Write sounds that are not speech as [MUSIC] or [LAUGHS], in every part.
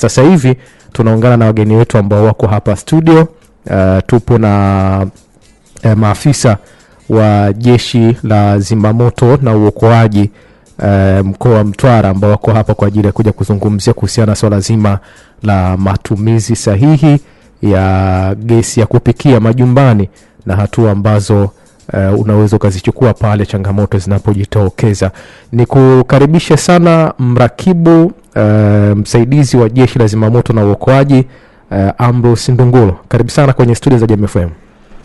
Sasa hivi tunaungana na wageni wetu ambao wako hapa studio. Uh, tupo na uh, maafisa wa jeshi la zimamoto na uokoaji uh, mkoa wa Mtwara ambao wako hapa kwa ajili ya kuja kuzungumzia kuhusiana na swala zima la matumizi sahihi ya gesi ya kupikia majumbani na hatua ambazo uh, unaweza ukazichukua pale changamoto zinapojitokeza. Ni kukaribisha sana mrakibu uh, msaidizi wa jeshi la zimamoto na uokoaji uh, Ambrose Ndungulo, karibu sana kwenye studio za Jam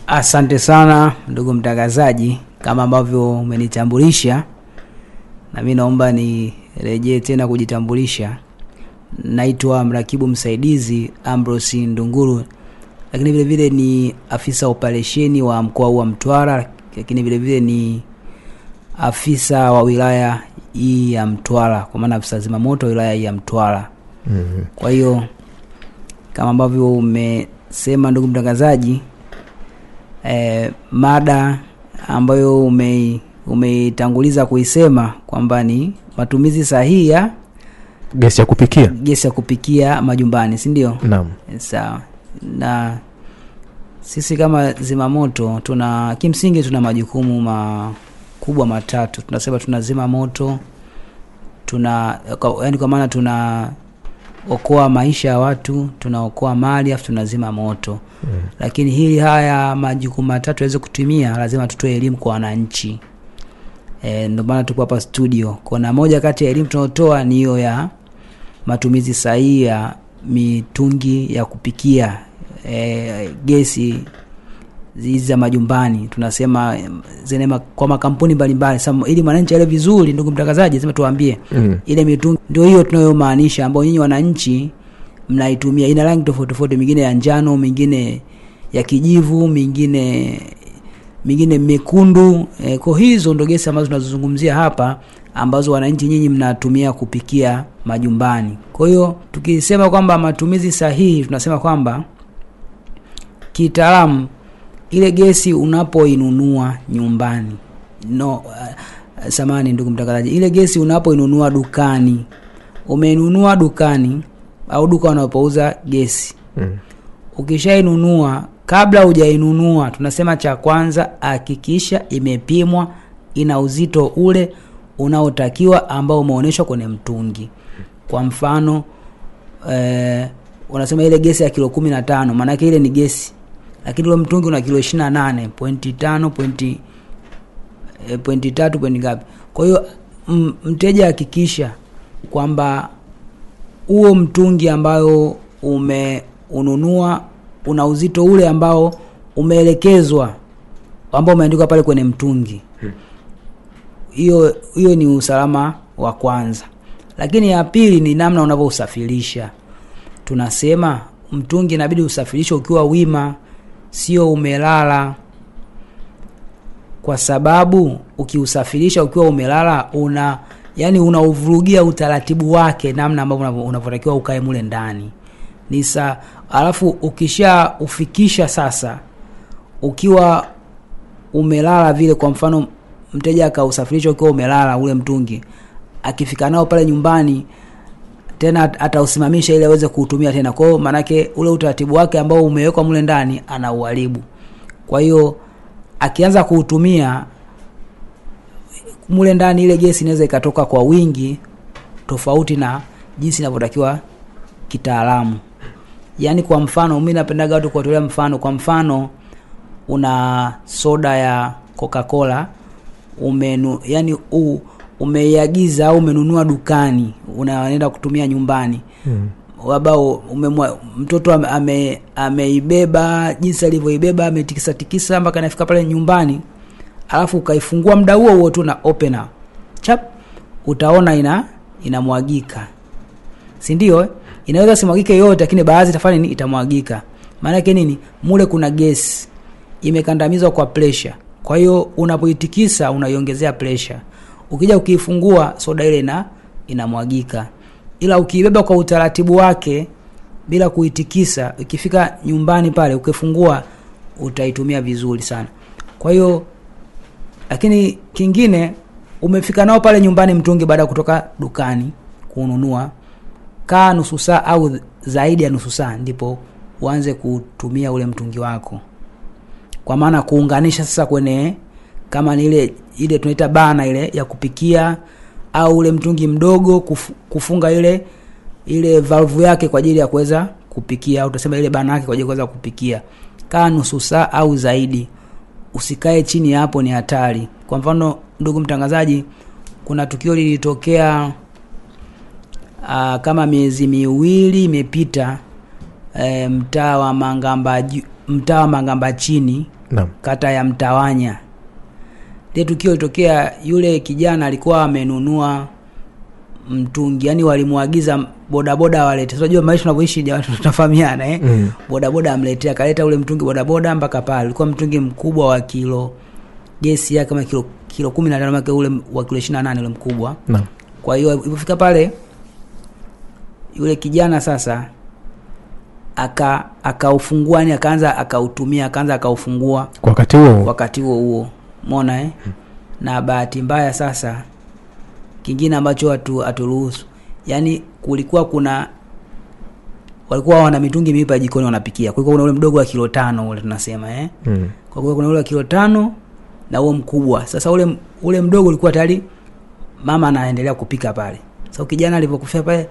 Asante sana ndugu mtangazaji, kama ambavyo umenitambulisha, mi naomba nirejee tena kujitambulisha. Naitwa mrakibu msaidizi Ambrose Ndunguru, lakini vile vile ni afisa operesheni wa mkoa huu wa Mtwara, lakini vile vile ni afisa wa wilaya hii ya Mtwara, kwa maana afisa zimamoto wilaya hii ya Mtwara. mm-hmm. Kwa hiyo kama ambavyo umesema ndugu mtangazaji, eh, mada ambayo ume umeitanguliza kuisema kwamba ni matumizi sahihi ya gesi ya kupikia gesi ya kupikia majumbani, si ndio? Naam, sawa na sisi kama zimamoto tuna kimsingi, tuna majukumu makubwa matatu. Tunasema tuna zima moto, tuna yani kwa maana tuna okoa maisha ya watu, tunaokoa mali, afu tunazima moto mm. Lakini hili haya majukumu matatu yaweze kutumia lazima tutoe elimu kwa wananchi e, ndio maana tuko hapa studio. kona moja kati ya elimu tunaotoa ni hiyo ya matumizi sahihi ya mitungi ya kupikia Eh, gesi hizi za majumbani tunasema zinema kwa makampuni mbalimbali sasa ili mwananchi aelewe vizuri ndugu mtangazaji lazima tuambie mm. ile mitungi ndio hiyo tunayomaanisha ambayo nyinyi wananchi mnaitumia ina rangi tofauti tofauti mingine ya njano mingine ya kijivu mingine mingine mekundu e, kwa hizo ndo gesi ambazo tunazozungumzia hapa ambazo wananchi nyinyi mnatumia kupikia majumbani kwa hiyo tukisema kwamba matumizi sahihi tunasema kwamba kitaalamu ile gesi unapoinunua nyumbani no uh, samani ndugu mtangazaji ile gesi unapoinunua dukani umeinunua dukani au duka unapouza gesi mm. ukishainunua kabla hujainunua tunasema cha kwanza hakikisha imepimwa ina uzito ule unaotakiwa ambao umeonyeshwa kwenye mtungi kwa mfano eh, unasema ile gesi ya kilo kumi na tano maanake ile ni gesi lakini ule mtungi una kilo 28.5 eh, pointi tatu ngapi kwa hiyo mteja hakikisha kwamba huo mtungi ambayo umeununua una uzito ule ambao umeelekezwa ambao umeandikwa pale kwenye mtungi hmm. hiyo hiyo ni usalama wa kwanza lakini ya pili ni namna unavyousafirisha tunasema mtungi inabidi usafirishwe ukiwa wima sio umelala, kwa sababu ukiusafirisha ukiwa umelala una yani unauvurugia utaratibu wake, namna ambavyo unavyotakiwa ukae mule ndani nisa. Alafu ukishaufikisha sasa, ukiwa umelala vile, kwa mfano mteja akausafirisha ukiwa umelala ule mtungi, akifika nao pale nyumbani tena atausimamisha ili aweze kuutumia tena kwao maanake ule utaratibu wake ambao umewekwa mule ndani anauharibu kwa hiyo akianza kuutumia mule ndani ile gesi inaweza ikatoka kwa wingi tofauti na jinsi inavyotakiwa kitaalamu yaani kwa mfano mi napendaga watu kuwatolea mfano kwa mfano una soda ya coca cola umenu yani u, umeiagiza au umenunua dukani unaenda kutumia nyumbani hmm. labda umemwa mtoto ame, ameibeba jinsi alivyoibeba ametikisa tikisa mpaka anafika pale nyumbani alafu ukaifungua mda huo huo tu na opener chap utaona ina inamwagika si ndio eh? inaweza simwagike yote lakini baadhi tafani ni itamwagika maana yake nini mule kuna gesi imekandamizwa kwa presha kwa hiyo unapoitikisa unaiongezea pressure ukija ukiifungua soda ile ina inamwagika, ila ukiibeba kwa utaratibu wake bila kuitikisa, ikifika nyumbani pale ukifungua utaitumia vizuri sana. Kwa hiyo lakini kingine umefika nao pale nyumbani mtungi baada ya kutoka dukani kununua, kaa nusu saa au zaidi ya nusu saa, ndipo uanze kutumia ule mtungi wako, kwa maana kuunganisha sasa kwenye kama ni ile ile tunaita bana ile ya kupikia au ule mtungi mdogo kuf, kufunga ile ile valvu yake kwa ajili ya kuweza kupikia au utasema ile bana yake kwa ajili ya kuweza kupikia kaa nusu saa au zaidi usikae chini hapo ni hatari kwa mfano ndugu mtangazaji kuna tukio lilitokea ah, kama miezi miwili imepita e, mtaa wa mangamba mtaa wa mangamba chini no. kata ya mtawanya ile tukio ilitokea, yule kijana alikuwa amenunua mtungi yani, walimwagiza bodaboda awalete. Unajua so, maisha tunavyoishi [LAUGHS] tunafahamiana eh? mm. bodaboda amletea, akaleta ule mtungi bodaboda mpaka pale. Ulikuwa mtungi mkubwa wa kilo gesi ya kama kilo kilo 15 make ule wa kilo 28 ule mkubwa no. Kwa hiyo ilipofika pale yule kijana sasa aka akaufungua, ni yaani akaanza akautumia, akaanza akaufungua wakati huo wakati huo huo mona eh? Hmm. na bahati mbaya sasa kingine ambacho watu aturuhusu yaani kulikuwa kuna walikuwa wana mitungi miwili jikoni wanapikia kwa hiyo kuna ule mdogo wa kilo tano ule tunasema eh? mm. kwa hiyo kuna ule wa kilo tano na huo mkubwa sasa ule ule mdogo ulikuwa tayari mama anaendelea kupika pale sasa so, kijana alipokufia pale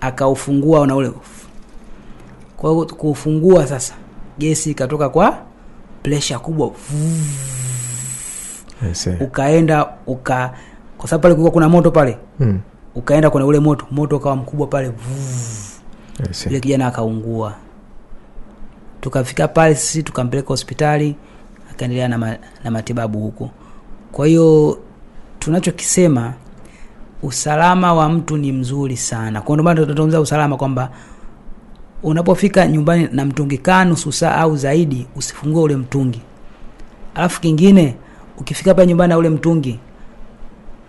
akaufungua na ule kwa kufungua sasa gesi ikatoka kwa presha kubwa Vuv. Eh, ukaenda uka kwa sababu pale kulikuwa kuna moto pale mm. ukaenda kwenye ule moto moto ukawa mkubwa pale eh, ile kijana akaungua tukafika pale sisi tukampeleka hospitali akaendelea na, ma, na matibabu huko kwa hiyo tunachokisema usalama wa mtu ni mzuri sana kwa ndomana maana usalama kwamba unapofika nyumbani na mtungi kaa nusu saa au zaidi usifungue ule mtungi alafu kingine ukifika pale nyumbani na ule mtungi,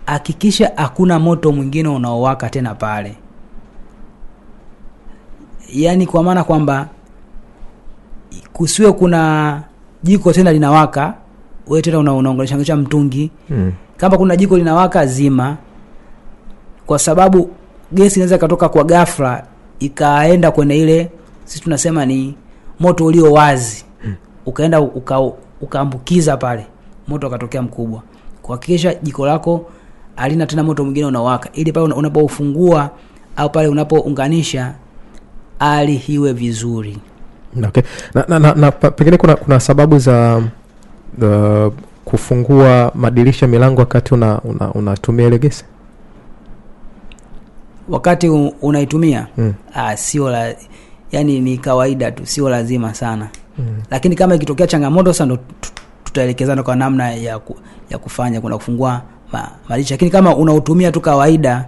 hakikisha hakuna moto mwingine unaowaka tena pale, yaani kwa maana kwamba kusiwe kuna jiko tena linawaka, wewe tena unaunganisha mtungi hmm. Kama kuna jiko linawaka zima, kwa sababu gesi inaweza ikatoka kwa ghafla ikaenda kwenye ile sisi tunasema ni moto ulio wazi hmm. ukaenda ukaambukiza uka pale moto akatokea mkubwa. Kuhakikisha jiko lako alina tena moto mwingine unawaka, ili pale unapoufungua au pale unapounganisha ali hiwe vizuri. Okay. Na, na, na, na pengine kuna, kuna sababu za uh, kufungua madirisha milango wakati unatumia una, una ile gesi wakati unaitumia mm. Ah, sio la yani ni kawaida tu, sio lazima sana mm. Lakini kama ikitokea changamoto sasa ndo tutaelekezana kwa namna ya, ku, ya kufanya kuna kufungua ma, malisha lakini kama unautumia tu kawaida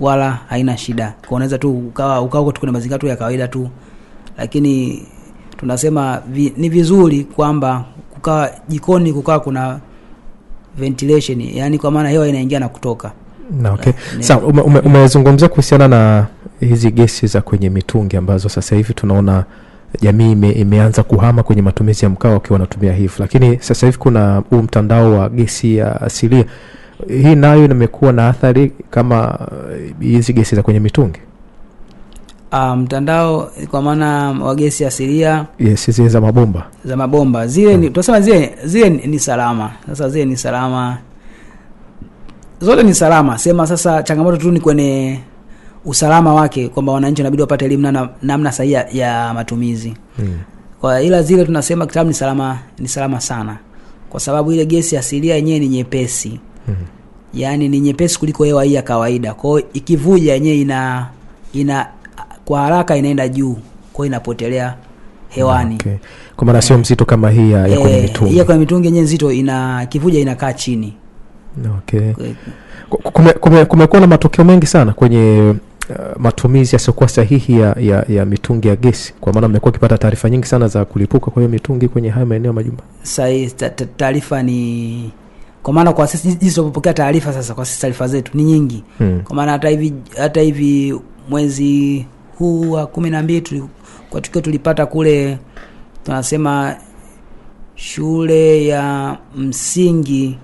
wala haina shida kwa unaweza tu ukawa ukawa tu kuna mazingira tu ya kawaida tu lakini tunasema vi, ni vizuri kwamba kukawa jikoni kukawa kuna ventilation yani kwa maana hewa inaingia na kutoka na okay. Eh, sa umezungumzia ume, ume kuhusiana na hizi gesi za kwenye mitungi ambazo sasa hivi tunaona jamii ime, imeanza kuhama kwenye matumizi ya mkaa wakiwa wanatumia hivi lakini sasa hivi kuna huu mtandao wa gesi ya asilia, hii nayo imekuwa na athari kama eh, hizi gesi za kwenye mitungi ah, mtandao kwa maana wa gesi asilia yes, zile za mabomba za mabomba zile hmm. ni tunasema zile zile ni salama sasa zile ni salama zote ni salama sema sasa changamoto tu ni kwenye usalama wake kwamba wananchi wanabidi wapate elimu namna, namna sahihi ya matumizi mm. kwa ila zile tunasema kitabu ni salama ni salama sana kwa sababu ile gesi asilia yenyewe ni nyepesi mm. yaani ni nyepesi kuliko hewa hii ya kawaida kwao ikivuja yenyewe ina ina kwa haraka inaenda juu kwao inapotelea hewani okay. kwa maana sio mzito kama hii ya, ya kwenye eh, mitungi ya kwenye mitungi yenyewe nzito ina kivuja inakaa chini okay. kumekuwa kume, kume na matokeo mengi sana kwenye uh, matumizi yasiokuwa sahihi ya, ya, ya mitungi ya gesi, kwa maana mmekuwa ukipata taarifa nyingi sana za kulipuka kwa hiyo mitungi kwenye haya maeneo ya majumba? taarifa ni kwa maana kwa sisi jinsi tunavyopokea taarifa sasa, kwa sisi taarifa zetu ni nyingi hmm. Kwa maana hata hivi hata hivi mwezi huu wa kumi na mbili kwa tukio tulipata kule tunasema shule ya msingi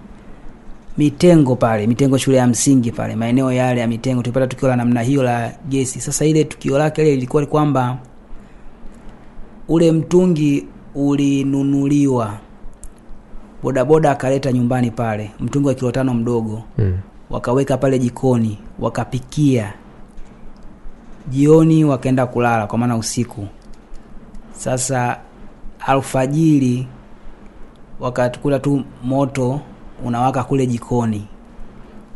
Mitengo pale, Mitengo shule ya msingi pale, maeneo yale ya Mitengo tulipata tukio la namna hiyo la gesi. Sasa ile tukio lake ile ilikuwa kwamba ule mtungi ulinunuliwa, bodaboda akaleta nyumbani pale mtungi wa kilo tano mdogo mm. wakaweka pale jikoni wakapikia jioni, wakaenda kulala kwa maana usiku. Sasa alfajiri wakakuta tu moto unawaka kule jikoni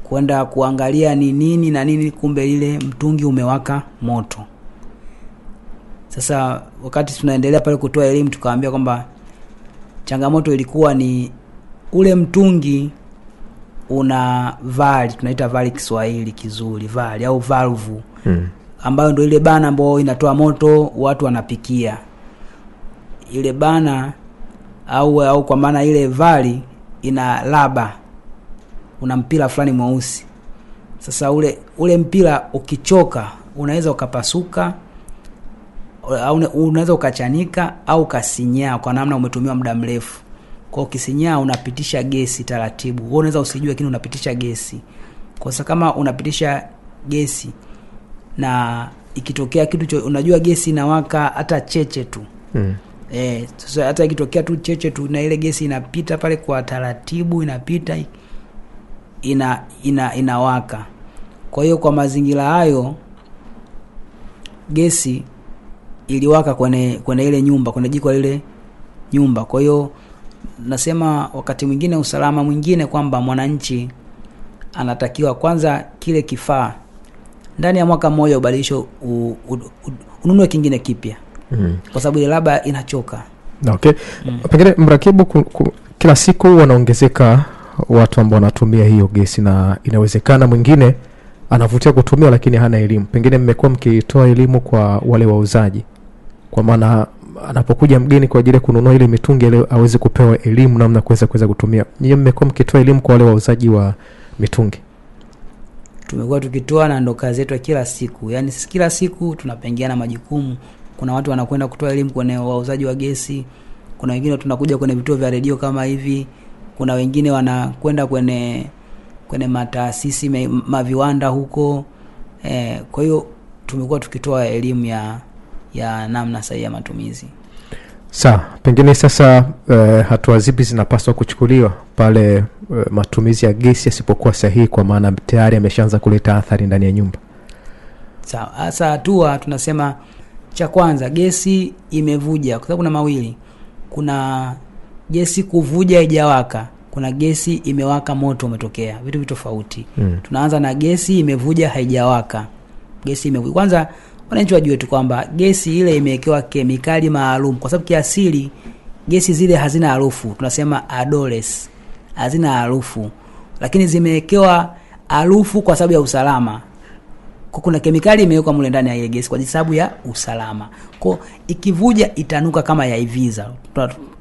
kwenda kuangalia ni nini na nini, kumbe ile mtungi umewaka moto. Sasa wakati tunaendelea pale kutoa elimu, tukawambia kwamba changamoto ilikuwa ni ule mtungi una vali, tunaita vali Kiswahili kizuri, vali au valvu hmm, ambayo ndio ile bana ambayo inatoa moto, watu wanapikia ile bana au au kwa maana ile vali ina laba una mpira fulani mweusi. Sasa ule ule mpira ukichoka, unaweza ukapasuka au unaweza ukachanika au ukasinyaa kwa namna umetumiwa muda mrefu. Kwa ukisinyaa unapitisha gesi taratibu. Wewe unaweza usijue, lakini unapitisha gesi. Kwa kama unapitisha gesi na ikitokea kitu cho, unajua gesi inawaka hata cheche tu mm eh, sasa hata ikitokea tu cheche tu na ile gesi inapita pale kwa taratibu inapita ina ina inawaka kwa hiyo kwa mazingira hayo gesi iliwaka kwenye kwenye ile nyumba kwenye jiko lile nyumba kwa hiyo nasema wakati mwingine usalama mwingine kwamba mwananchi anatakiwa kwanza kile kifaa ndani ya mwaka mmoja ubadilisho ununue kingine kipya mm. kwa sababu ile labda inachoka okay mm. pengine mrakibu ku, ku, kila siku wanaongezeka watu ambao wanatumia hiyo gesi na inawezekana mwingine anavutia kutumia lakini hana elimu pengine mmekuwa mkitoa elimu kwa wale wauzaji kwa maana anapokuja mgeni kwa ajili ya kununua ile mitungi ile aweze kupewa elimu namna kuweza kuweza kutumia nyie mmekuwa mkitoa elimu kwa wale wauzaji wa mitungi tumekuwa tukitoa na ndo kazi yetu ya kila siku yaani kila siku tunapengiana majukumu kuna watu wanakwenda kutoa elimu kwenye wauzaji wa gesi kuna wengine tunakuja kwenye vituo vya redio kama hivi kuna wengine wanakwenda kwenye kwenye mataasisi maviwanda huko e, kwa hiyo tumekuwa tukitoa elimu ya ya namna sahihi ya matumizi sawa pengine sasa eh, hatua zipi zinapaswa kuchukuliwa pale eh, matumizi ya gesi yasipokuwa sahihi kwa maana tayari ameshaanza kuleta athari ndani ya nyumba sawa hasa hatua tunasema cha kwanza gesi imevuja, kwa sababu kuna mawili, kuna gesi kuvuja haijawaka, kuna gesi imewaka, moto umetokea, vitu vitu tofauti mm. Tunaanza na gesi imevuja haijawaka. Gesi imevuja kwanza, wananchi wajue tu kwamba gesi ile imewekewa kemikali maalum, kwa sababu kiasili gesi zile hazina harufu, tunasema adoles, hazina harufu, lakini zimewekewa harufu kwa sababu ya usalama kuna kemikali imewekwa mle ndani ya ile gesi kwa sababu ya usalama. Kwa ikivuja itanuka kama ya Iviza.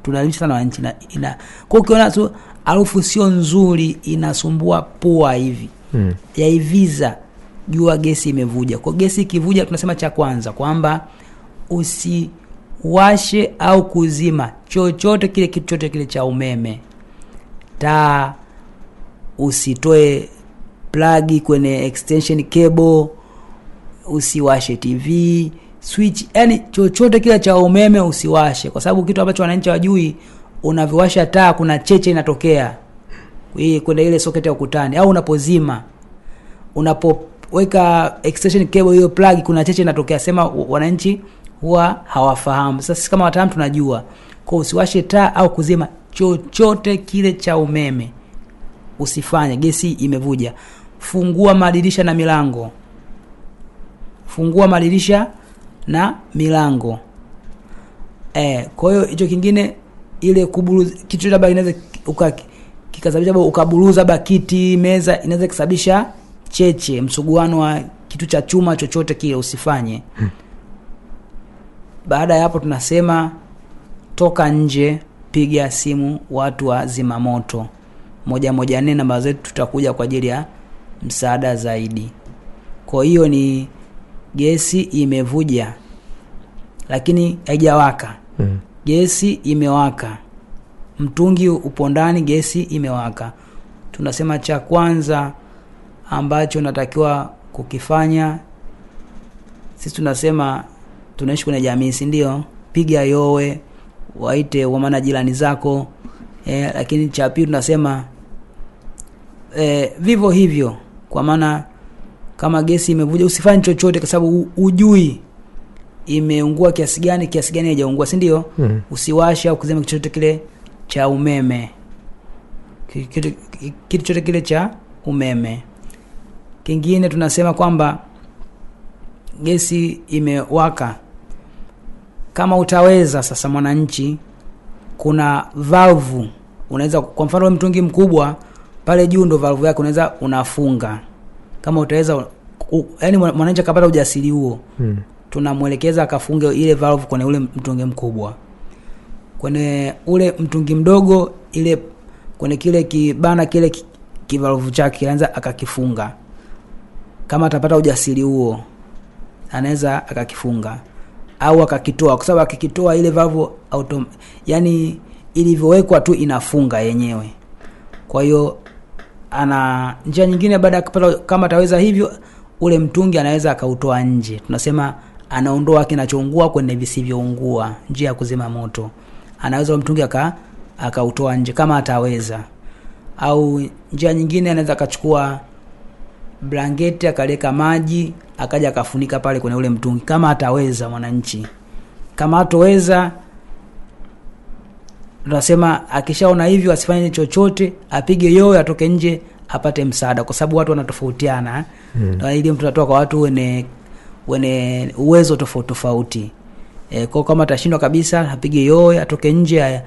Tunalisha sana wananchi na ina. Kwa ukiona tu harufu sio nzuri inasumbua pua hivi. Mm. Ya Iviza jua gesi imevuja. Kwa gesi ikivuja tunasema cha kwanza kwamba usiwashe au kuzima chochote kile kitu chote kile cha umeme. Taa usitoe plagi kwenye extension cable usiwashe tv switch yani chochote kile cha umeme usiwashe kwa sababu kitu ambacho wananchi wajui unavyowasha taa kuna cheche inatokea kwenda ile soketi ya ukutani au unapozima unapoweka extension cable hiyo plug kuna cheche inatokea sema wananchi huwa hawafahamu sasa sisi kama wataalamu tunajua kwa usiwashe taa au kuzima chochote kile cha umeme usifanye gesi imevuja fungua madirisha na milango fungua madirisha na milango eh. Kwa hiyo hicho kingine, ile kuburuza kitu labda inaweza kikasababisha ukaburuza labda kiti, meza, inaweza kusababisha cheche, msuguano wa kitu cha chuma chochote kile, usifanye hmm. Baada ya hapo tunasema toka nje, piga simu watu wa zimamoto moja moja nne, namba zetu tutakuja kwa ajili ya msaada zaidi. Kwa hiyo ni gesi imevuja lakini haijawaka mm. gesi imewaka mtungi upo ndani gesi imewaka tunasema cha kwanza ambacho natakiwa kukifanya sisi tunasema tunaishi kwenye jamii si ndio piga yowe waite wamana jirani zako e, lakini cha pili tunasema e, vivyo hivyo kwa maana kama gesi imevuja usifanye chochote kwa sababu ujui imeungua kiasi gani kiasi gani haijaungua si ndio mm. usiwashe au kuzima kitu chochote kile cha umeme kitu chote kile cha umeme kingine tunasema kwamba gesi imewaka kama utaweza sasa mwananchi kuna valvu unaweza kwa mfano mtungi mkubwa pale juu ndo valvu yake unaweza unafunga kama utaweza yani mwananchi akapata ujasiri huo hmm. tunamwelekeza akafunge ile valve kwenye ule mtungi mkubwa kwenye ule mtungi mdogo ile kwenye kile kibana kile kivalvu chake kinaanza akakifunga kama atapata ujasiri huo anaweza akakifunga au akakitoa kwa sababu akikitoa ile valvu yani ilivyowekwa tu inafunga yenyewe kwa hiyo ana njia nyingine baada ya kupata kama ataweza hivyo ule mtungi anaweza akautoa nje tunasema anaondoa kinachoungua kwenye visivyoungua njia ya kuzima moto anaweza mtungi aka akautoa nje kama ataweza au njia nyingine anaweza akachukua blanketi akaleka maji akaja akafunika pale kwenye ule mtungi kama ataweza mwananchi kama atoweza tunasema akishaona hivyo asifanye chochote apige yoyo atoke nje apate msaada kwa sababu watu wanatofautiana eh? mm. ili mtu natoa kwa watu wene wene uwezo tofauti tofauti e, eh, kwao kama atashindwa kabisa apige yoyo atoke nje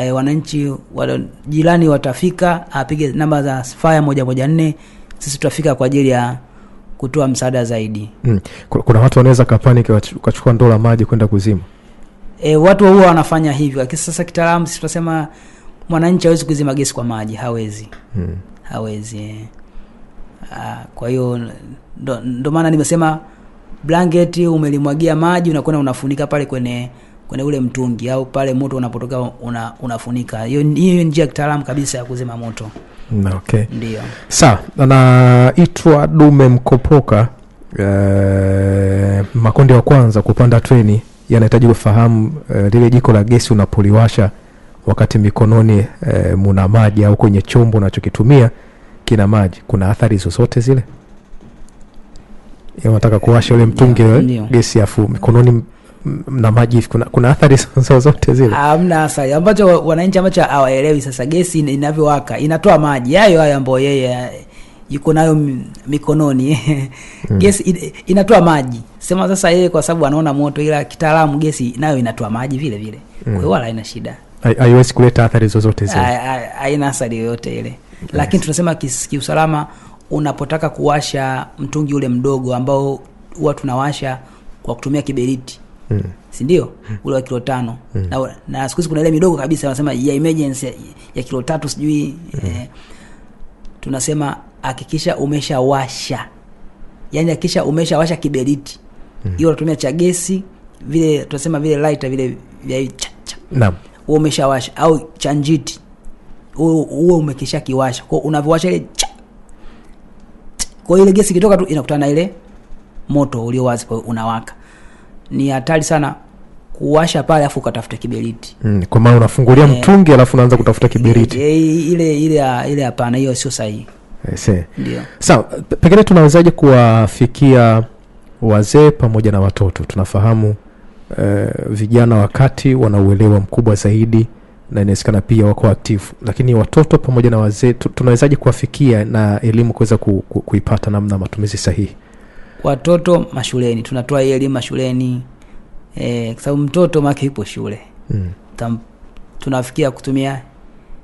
e, wananchi wada, jirani watafika apige namba za faya moja moja nne sisi tutafika kwa ajili ya kutoa msaada zaidi mm. kuna watu wanaweza kapanik wakachukua ndoo la maji kwenda kuzima e, watu huwa wanafanya hivyo, lakini sasa kitaalamu sisi tunasema mwananchi hawezi kuzima gesi kwa maji, hawezi hmm. hawezi eh. Aa, ah, kwa hiyo ndo, ndo maana nimesema blanket umelimwagia maji unakwenda unafunika pale kwenye kwenye ule mtungi au pale moto unapotoka una, unafunika. Hiyo hiyo njia ya kitaalamu kabisa ya kuzima moto. Okay. Ndio. Sawa, anaitwa Dume Mkopoka. Uh, eh, makundi wa kwanza kupanda treni yanahitaji kufahamu uh, eh, lile jiko la gesi unapoliwasha wakati mikononi uh, muna maji au kwenye chombo unachokitumia kina maji, kuna athari zozote zile? Yaani unataka kuwasha ule mtungi gesi afu mikononi na maji kuna, kuna athari [LAUGHS] zozote zile? Hamna athari. Ambacho wananchi ambacho hawaelewi sasa, gesi inavyowaka inatoa maji hayo hayo ambayo yeye yuko nayo mikononi [LAUGHS] mm. gesi in, inatoa maji sema sasa yeye kwa sababu anaona moto ila kitaalamu gesi nayo inatoa maji vile vile mm. kwa hiyo mm. wala haina shida haiwezi kuleta athari zozote zile haina athari yoyote ile yes. lakini tunasema kiusalama unapotaka kuwasha mtungi ule mdogo ambao huwa tunawasha kwa kutumia kiberiti mm. sindio mm. ule wa kilo tano mm. na, na sikuhizi kuna ile midogo kabisa wanasema ya emergency ya, ya kilo tatu sijui mm. eh, tunasema hakikisha umeshawasha yani hakikisha umeshawasha kiberiti hmm. hiyo mm. unatumia cha gesi vile tunasema vile lighter vile vya chacha naam huo umeshawasha au cha njiti huo umekisha kiwasha kwao unavyowasha ile cha kwa ile gesi ikitoka tu inakutana na ile moto ulio wazi kwa unawaka ni hatari sana kuwasha pale afu ukatafuta kiberiti mm, kwa maana unafungulia e, mtungi alafu unaanza kutafuta kiberiti e, e, ile ile ile hapana hiyo sio sahihi Sawa, pengine tunawezaje kuwafikia wazee pamoja na watoto? Tunafahamu eh, vijana wakati wana uelewa mkubwa zaidi na inawezekana pia wako aktifu, lakini watoto pamoja na wazee tunawezaje kuwafikia na elimu kuweza ku, ku, kuipata namna matumizi sahihi? Watoto mashuleni, tunatoa hii elimu mashuleni eh, kwa sababu mtoto make yupo shule mm. Tam, tunafikia kutumia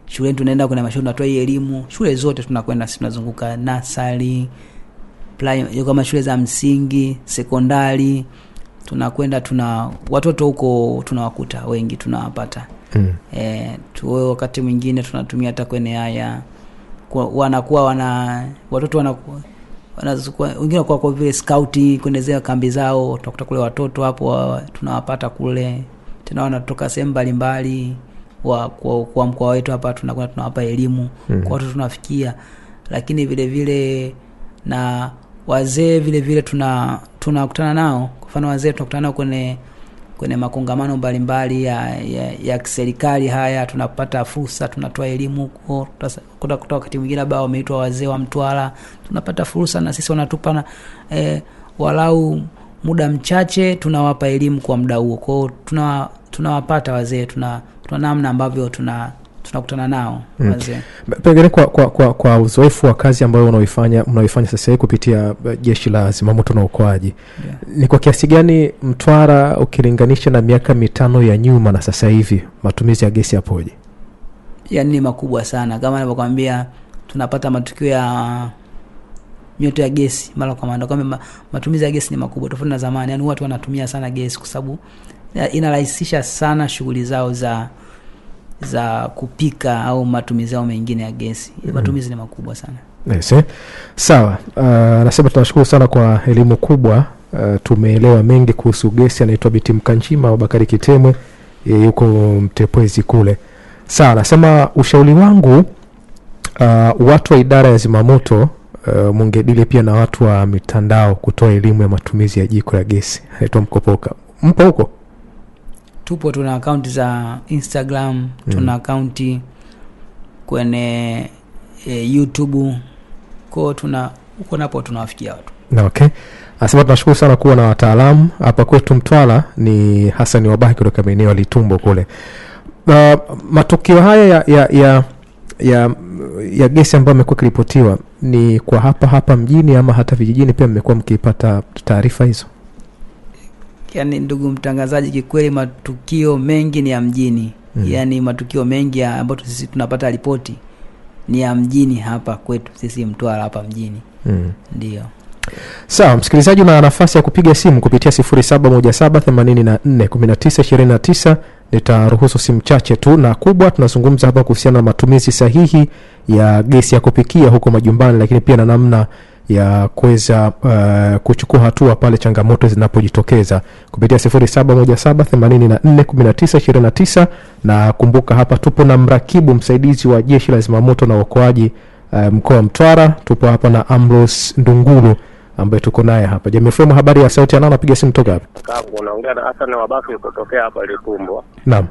shuleni tunaenda kuna mashule tunatoa hii elimu shule zote tunakwenda sisi tunazunguka nasari kama shule za msingi sekondari tunakwenda tuna watoto huko tunawakuta wengi tunawapata mm. e, tuwe wakati mwingine tunatumia hata kwenye haya wanakuwa wana watoto wanakuwa wengine kwa, kwa vile skauti kuendezea kambi zao tunakuta kule watoto hapo tunawapata kule tena wanatoka sehemu mbalimbali kwa, kwa, kwa mkoa wetu hapa tunakwenda tunawapa elimu mm. kwa watu tunafikia, lakini vile vile na wazee vile vile tuna tunakutana nao. Kwa mfano wazee tunakutana nao kwenye kwenye makongamano mbalimbali ya, ya, ya kiserikali haya, tunapata fursa, tunatoa elimu huko. Kuta wakati mwingine labda wameitwa wazee wa Mtwara, tunapata fursa na sisi wanatupa na, eh, walau muda mchache tunawapa elimu kwa muda huo kwao tuna tunawapata wazee tuna, tuna namna ambavyo tuna tunakutana nao mm. wazee pengine kwa, kwa, kwa, kwa uzoefu wa kazi ambayo unaoifanya mnaoifanya sasa hivi kupitia uh, jeshi la zimamoto na ukoaji yeah. ni kwa kiasi gani mtwara ukilinganisha na miaka mitano ya nyuma na sasa hivi matumizi ya gesi yapoje yani ni makubwa sana kama navyokwambia tunapata matukio ya mioto ya gesi mara kwa mara kwamba matumizi ya gesi ni makubwa tofauti na zamani yani watu wanatumia sana gesi kwa sababu inarahisisha sana shughuli zao za za kupika au matumizi yao mengine ya gesi mm. matumizi ni makubwa sana yes, eh? sawa anasema uh, tunashukuru sana kwa elimu kubwa uh, tumeelewa mengi kuhusu gesi anaitwa biti bakari kitemwe yuko mtepwezi kule sawa anasema ushauri wangu uh, watu wa idara ya zimamoto uh, mungedili pia na watu wa mitandao kutoa elimu ya matumizi ya jiko la gesi anaitwa mkopoka mpo huko tupo tuna akaunti za instagram tuna mm. akaunti kwenye e, youtube kwao tuna huko napo tunawafikia watu okay anasema tunashukuru sana kuwa na wataalamu hapa kwetu mtwala ni hasan wabahi kutoka maeneo litumbo kule uh, matukio haya ya, ya, ya ya ya gesi ambayo amekuwa ikiripotiwa ni kwa hapa hapa mjini ama hata vijijini pia mmekuwa mkipata taarifa hizo yani ndugu mtangazaji, kikweli matukio mengi ni ya mjini mm. Yani matukio mengi ambayo sisi tunapata ripoti ni ya mjini hapa kwetu sisi Mtwara hapa mjini mm. Ndio. Sawa, msikilizaji una nafasi ya kupiga simu kupitia 0717841929. Nitaruhusu simu chache tu, na kubwa tunazungumza hapa kuhusiana na matumizi sahihi ya gesi ya kupikia huko majumbani, lakini pia na namna ya kuweza uh, kuchukua hatua pale changamoto zinapojitokeza kupitia 0717841929 na kumbuka hapa tupo na mrakibu msaidizi wa jeshi la zimamoto na uokoaji uh, mkoa wa Mtwara. Tupo hapa na amros ndungulu ambaye tuko naye hapa. Jamii habari ya sauti anao, napiga simu toka hapa. unaongea na Hassan Wabaki kutokea hapa likumbwa Naam.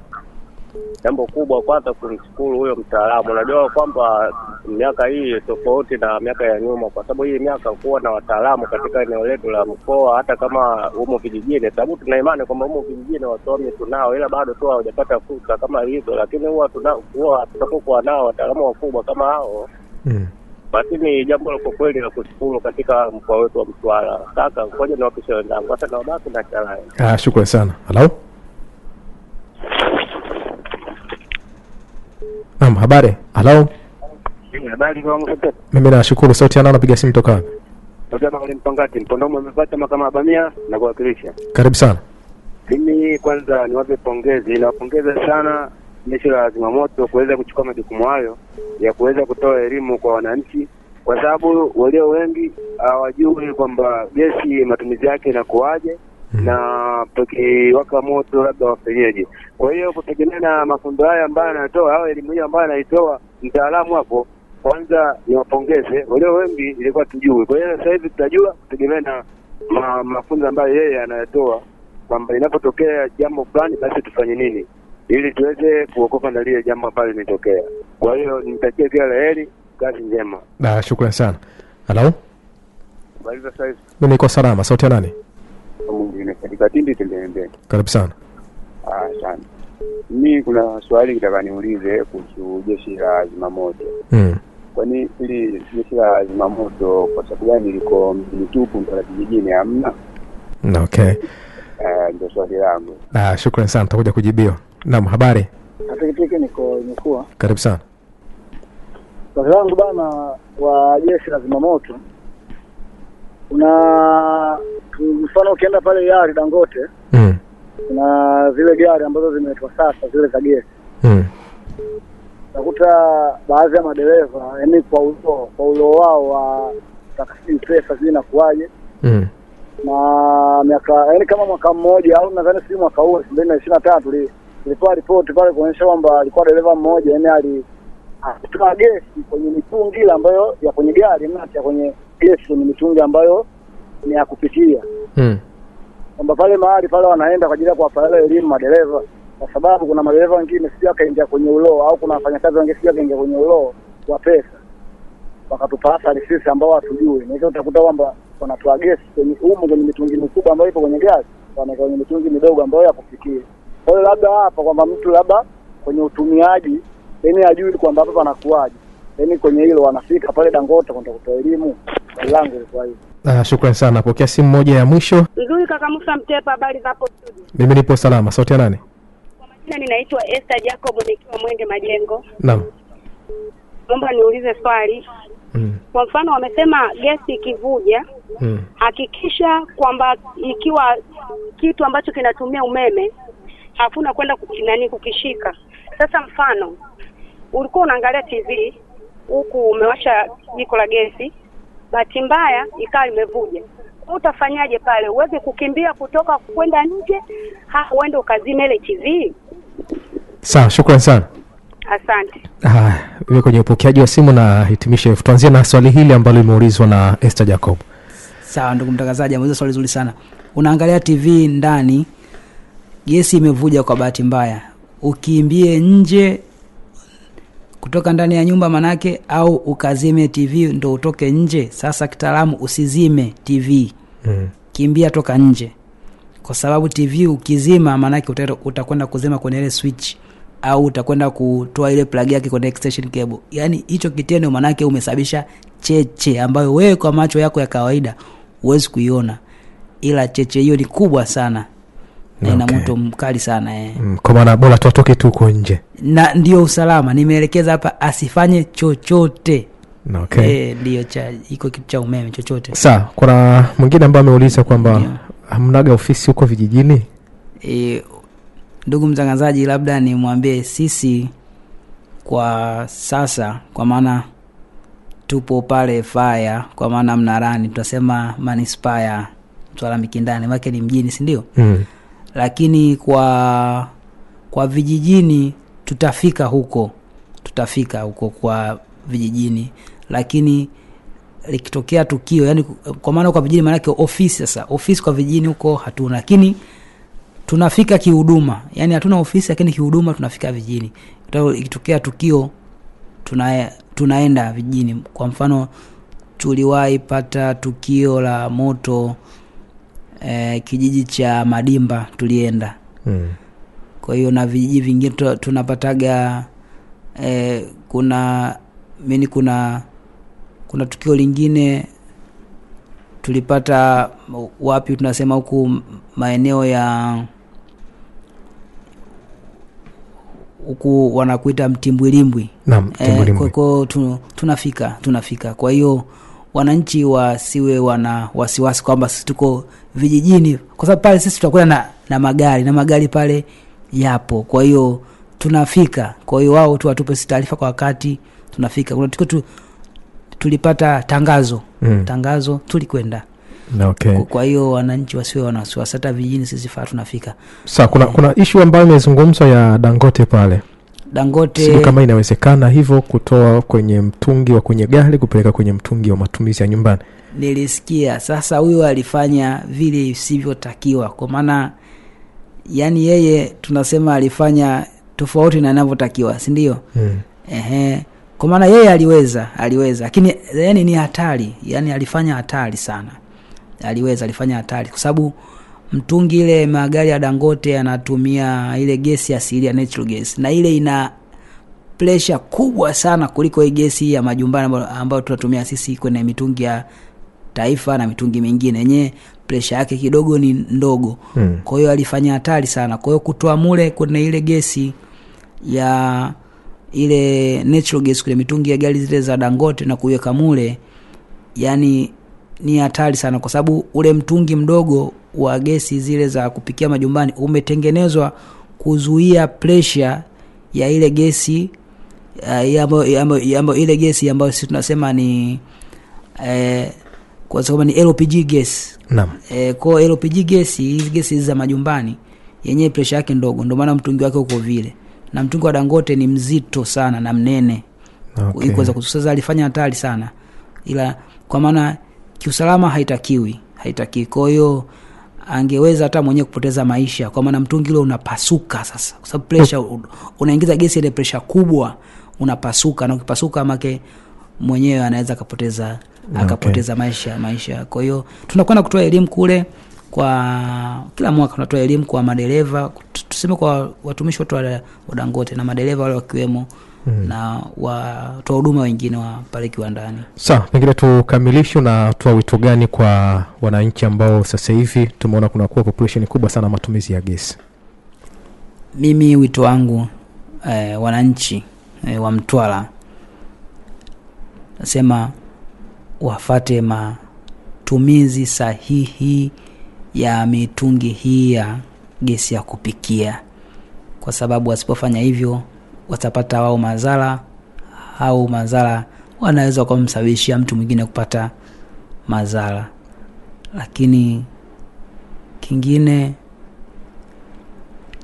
Jambo kubwa kwanza kumshukuru huyo mtaalamu. Unajua kwamba miaka hii tofauti na miaka ya nyuma, kwa sababu hii miaka kuwa na wataalamu katika eneo letu la mkoa, hata kama humo vijijini, sababu tuna imani kwamba humo vijijini wasomi tunao, ila bado tu hawajapata fursa kama hizo, lakini huwa tunakuwa tunapokuwa nao wataalamu wakubwa kama hao mm. Basi ni jambo la kweli la kushukuru katika mkoa wetu wa Mtwara. Kaka ngoja niwapishe wenzangu, hata nawabaki na chalae. Ah, shukrani sana. Halo. habari. Halo, mimi nashukuru. Sauti yanao napiga simu toka wapi? na kuwakilisha. Karibu sana. Mimi kwanza niwape pongezi, nawapongeza sana jeshi la zimamoto kuweza kuchukua majukumu hayo ya kuweza kutoa elimu kwa wananchi, kwa sababu walio wengi hawajui kwamba gesi matumizi yake inakuwaje Mm-hmm. na tukiwaka moto labda wafanyeje? Kwa hiyo kutegemea na mafundo haya ambayo anatoa au elimu hiyo ambayo anaitoa mtaalamu hapo, kwanza niwapongeze walio wengi, ilikuwa tujui. Kwa hiyo sasa hivi tutajua kutegemea na ma, mafunzo ambayo yeye anayatoa kwamba inapotokea jambo fulani, basi tufanye nini ili tuweze kuokoka na lile jambo ambalo limetokea. Kwa hiyo nimtakie kila la heri, kazi njema. Shukrani sana. Halo, mimi niko salama. Sauti ya nani? mwaka mwingine katika tindi tuendelee. Karibu sana. Asante. Ah, Mi kuna swali kitaka niulize kuhusu jeshi la zimamoto mm. Kwani ili jeshi la zimamoto kwa sababu gani liko mjini tupu mpaka kijijini hamna? Okay, eh, ndio swali langu. Ah, shukrani sana, takuja kujibiwa. Naam, habari atikitiki niko imekuwa. Karibu sana. Swali langu bana, wa jeshi la zimamoto kuna mfano ukienda pale yari Dangote mm. kuna zile gari ambazo zimeletwa sasa zile za gesi mm. nakuta baadhi ya madereva yani kwa ulo kwa ulo wao wa takasii pesa zii inakuwaje mm. na miaka yani kama mwaka mmoja au nadhani sijui mwaka huu elfu mbili na ishiri na tatu ilipewa ripoti pale kuonyesha kwamba alikuwa dereva mmoja yani ali alitoa ah, gesi kwenye mitungi ile ambayo ya kwenye gari mnati ya kwenye gefu ni mitungi ambayo ni ya kupikia mm. kwamba pale mahali pale wanaenda kwa ajili ya kuwafanya elimu madereva, kwa sababu kuna madereva wengine sijui akaingia kwenye uloo au kuna wafanyakazi wengine sijui akaingia kwenye uloo kwa pesa, wakatupata sisi ambao hatujui. Na hivyo utakuta kwamba wanatoa gesi kwenye umu kwenye mitungi mikubwa ambayo ipo kwenye gari, wanaweka kwenye mitungi midogo ambayo ya kupikia. Kwa hiyo labda hapa kwamba mtu labda kwenye utumiaji yani ajui kwamba hapa panakuwaje, yani kwenye hilo wanafika pale Dangote kwenda kutoa elimu langu kwa hiyo Uh, ah, shukran sana. Pokea simu moja ya mwisho. Nzuri kaka Musa Mtepa, habari zapo studio? Mimi nipo salama. Sauti ya nani? Kwa majina ninaitwa Esther Jacob nikiwa Mwenge Majengo. Naam. Naomba niulize swali. Mm. Kwa mfano wamesema gesi ikivuja, mm. hakikisha kwamba ikiwa kitu ambacho kinatumia umeme hakuna kwenda nani kukishika. Sasa mfano ulikuwa unaangalia TV huku umewasha jiko la gesi bahati mbaya ikawa imevuja. Utafanyaje pale? Uweze kukimbia kutoka kwenda nje, uende ukazime ile TV. Sawa, shukrani sana. Asante. Haya, ah, kwenye upokeaji wa simu na hitimisha hivi. Tuanzie na swali hili ambalo limeulizwa na Esther Jacob. Sawa, ndugu mtangazaji, ameuliza swali zuri sana. Unaangalia TV ndani, gesi imevuja kwa bahati mbaya, ukiimbie nje kutoka ndani ya nyumba manake au ukazime tv ndo utoke nje sasa kitaalamu usizime tv mm. kimbia toka nje kwa sababu tv ukizima maanake utakwenda kuzima kwenye ile switch au utakwenda kutoa ile plagi yake kwenye extension cable yaani hicho kitendo maanake umesababisha cheche ambayo wewe kwa macho yako ya kawaida huwezi kuiona ila cheche hiyo ni kubwa sana okay. moto mkali sana eh. mm, kwa maana bora tuatoke tu huko nje na ndio usalama nimeelekeza hapa asifanye chochote okay. Eh, ndio cha iko kitu cha umeme chochote saa kuna mwingine ambaye ameuliza kwamba hamnaga ofisi huko vijijini e, ndugu mtangazaji labda nimwambie sisi kwa sasa kwa maana tupo pale faya kwa maana mnarani tunasema manispaya mtwala mikindani make ni mjini sindio mm lakini kwa kwa vijijini tutafika huko tutafika huko kwa vijijini lakini likitokea tukio yani kwa maana kwa vijijini maanake ofisi sasa ofisi kwa vijijini huko hatuna lakini tunafika kihuduma yani hatuna ofisi lakini kihuduma tunafika vijijini ikitokea tukio tuna, tunaenda vijijini kwa mfano tuliwahi pata tukio la moto e, kijiji cha Madimba tulienda mm. Kwa hiyo na vijiji vingine tunapataga e, kuna mini kuna kuna tukio lingine tulipata wapi, tunasema huku maeneo ya huku wanakuita mtimbwilimbwi. Naam, Eh, tunafika tunafika, kwa hiyo wananchi wasiwe wana wasiwasi kwamba sisi tuko vijijini kwa sababu pale sisi tutakuwa na, na magari na magari pale yapo kwa hiyo tunafika kwa hiyo wao tu watupe taarifa kwa wakati tunafika kuna tuko tu, tulipata tangazo mm. tangazo tulikwenda okay. kwa hiyo wananchi wasiwe wanawasiwasi hata vijijini sisi faa tunafika saa kuna, eh. kuna ishu ambayo imezungumzwa ya dangote pale Dangote sijui kama inawezekana hivyo kutoa kwenye mtungi wa kwenye gari kupeleka kwenye mtungi wa matumizi ya nyumbani. Nilisikia sasa, huyo alifanya vile isivyotakiwa, kwa maana yani yeye tunasema alifanya tofauti na anavyotakiwa, si ndio? Hmm. Ehe, kwa maana yeye aliweza, aliweza, lakini yani ni hatari, yani alifanya hatari sana, aliweza, alifanya hatari kwa sababu mtungi ile magari ya Dangote yanatumia ile gesi asilia natural gas, na ile ina pressure kubwa sana kuliko hii gesi ya majumbani ambayo tunatumia sisi kwenye mitungi ya taifa na mitungi mingine yenye presha yake kidogo ni ndogo hmm. Kwa hiyo alifanya hatari sana. Kwa hiyo kutoa mule kwenye ile gesi ya ile natural gas kwenye mitungi ya gari zile za Dangote na kuiweka mule, yani ni hatari sana kwa sababu ule mtungi mdogo wa gesi zile za kupikia majumbani umetengenezwa kuzuia presha ya ile gesi eh, ambayo ile gesi ambayo sisi tunasema ni eh, kwa sababu ni LPG gas. Naam. Eh, kwa LPG gas hizi gesi za majumbani yenyewe presha yake ndogo, ndio maana mtungi wake uko vile. Na mtungi wa Dangote ni mzito sana na mnene. Okay. Iko kususaza alifanya hatari sana. Ila kwa maana kiusalama haitakiwi haitakiwi kwa hiyo angeweza hata mwenyewe kupoteza maisha kwa maana mtungi ule unapasuka sasa kwa sababu presha unaingiza gesi ile presha kubwa unapasuka na ukipasuka make mwenyewe anaweza akapoteza akapoteza okay. maisha maisha kwa hiyo tunakwenda kutoa elimu kule kwa kila mwaka tunatoa elimu kwa madereva tuseme kwa watumishi wote wa dangote na madereva wale wakiwemo Mm-hmm. na watoa huduma wengine wa pale kiwandani. Sawa, pengine tukamilishe, unatoa wito gani kwa wananchi ambao sasa hivi tumeona kunakuwa population kubwa sana matumizi ya gesi? Mimi wito wangu eh, wananchi eh, wa Mtwara nasema wafate matumizi sahihi ya mitungi hii ya gesi ya kupikia, kwa sababu wasipofanya hivyo watapata wao madhara au madhara wanaweza kumsababishia mtu mwingine kupata madhara lakini kingine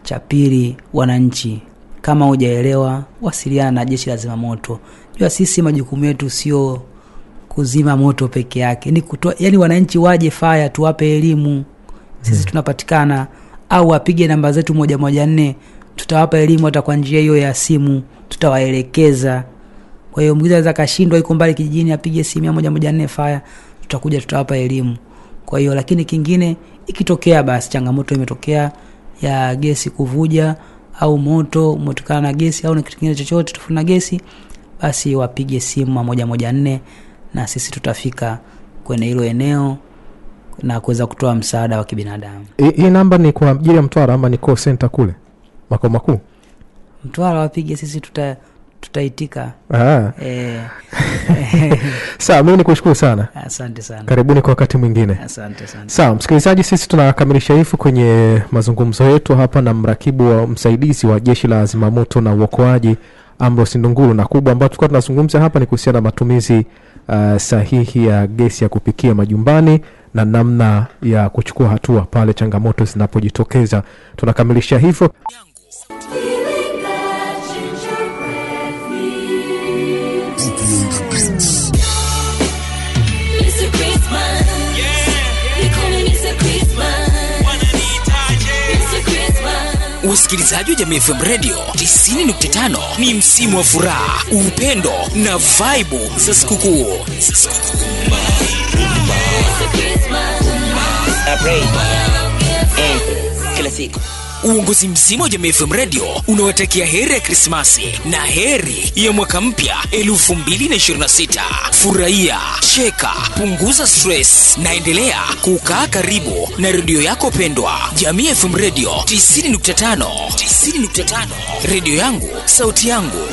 cha pili wananchi kama hujaelewa wasiliana na jeshi la zimamoto jua sisi majukumu yetu sio kuzima moto peke yake ni kutoa yani wananchi waje faya tuwape elimu sisi hmm. tunapatikana au wapige namba zetu moja moja nne tutawapa elimu hata kwa njia hiyo ya simu, tutawaelekeza. Kwa hiyo mgiza aweza kashindwa, iko mbali kijijini, apige simu ya moja moja nne faya, tutakuja tutawapa elimu. Kwa hiyo lakini kingine ikitokea basi changamoto imetokea ya gesi kuvuja au moto umetokana na gesi au na kitu kingine chochote tofauti na gesi, basi wapige simu moja moja nne na sisi tutafika kwenye hilo eneo na kuweza kutoa msaada wa kibinadamu. Hii namba ni kwa ajili ya Mtwara ama ni call center kule? makao makuu? Mtwara wapige sisi tuta tutaitika. E. [LAUGHS] mimi ni kushukuru sana, asante sana, karibuni kwa wakati mwingine, asante sana. Sawa msikilizaji, sisi tunakamilisha hifu kwenye mazungumzo yetu hapa na mrakibu wa msaidizi wa jeshi la zimamoto na uokoaji ambro sindunguru na kubwa ambao tulikuwa tunazungumza hapa ni kuhusiana na matumizi uh, sahihi ya gesi ya kupikia majumbani na namna ya kuchukua hatua pale changamoto zinapojitokeza. Tunakamilisha hivyo. Msikilizaji wa Jamii FM Radio 90.5, ni msimu wa furaha, upendo na vaibu za sikukuu. Eh, kila siku uongozi mzima wa Jamii FM Radio unawatakia heri ya Krismasi na heri ya mwaka mpya 2026. Furahia, cheka, punguza stress na endelea kukaa karibu na redio yako pendwa, Jamii FM Radio 90.5, 90.5, redio yangu, sauti yangu.